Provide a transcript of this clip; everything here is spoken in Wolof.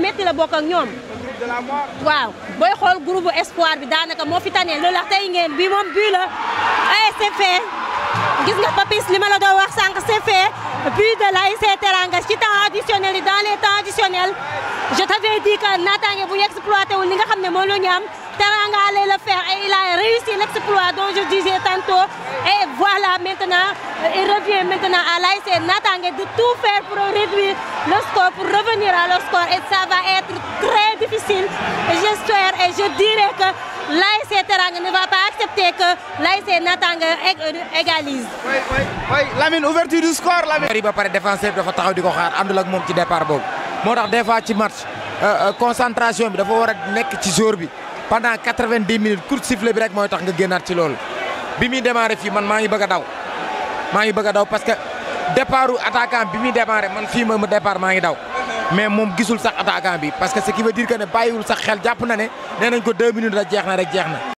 métti la bokk ñoom waaw booy xool groupe espoir bi daanaka moo fi tane loolu la tey ngeen bi moom bii la ay eh, c'est fait gis nga papis li ma la doon wax sànq c'est fait but de l'ASC Teranga ci temps additionnel yi dans les temps additionnels je t'avais dit que naataange bu ñu li nga xam ne moom la ñu am Teranga allait le faire et il a réussi l'exploit dont je disais tantôt là maintenant, il revient maintenant à l'ASC Natangé de tout faire pour réduire le score, pour revenir à leur score. Et ça va être très difficile. J'espère et je dirais que l'ASC Teranga ne va pas accepter que l'ASC Natangé égalise. Oui, taxaw di ko xaar àndul ak moom ci départ moo tax des fois ci match euh, euh, concentration bi dafa war nekk ci jour bi pendant 90 minutes coup de sifflet bi rek mooy tax nga génnaat ci loolu. bi muy démarré fii man maa ngi bëgg daw maa ngi bëgg a daw parce que départu attaquant bi muy démarré man fii ma dépar maa ngi daw mais moom gisul sax attaquant bi parce que ce qui veut dire que ne bàyyiwul sax xel jàpp na ne nee nañ ko deux minutes jeex na rek jeex na.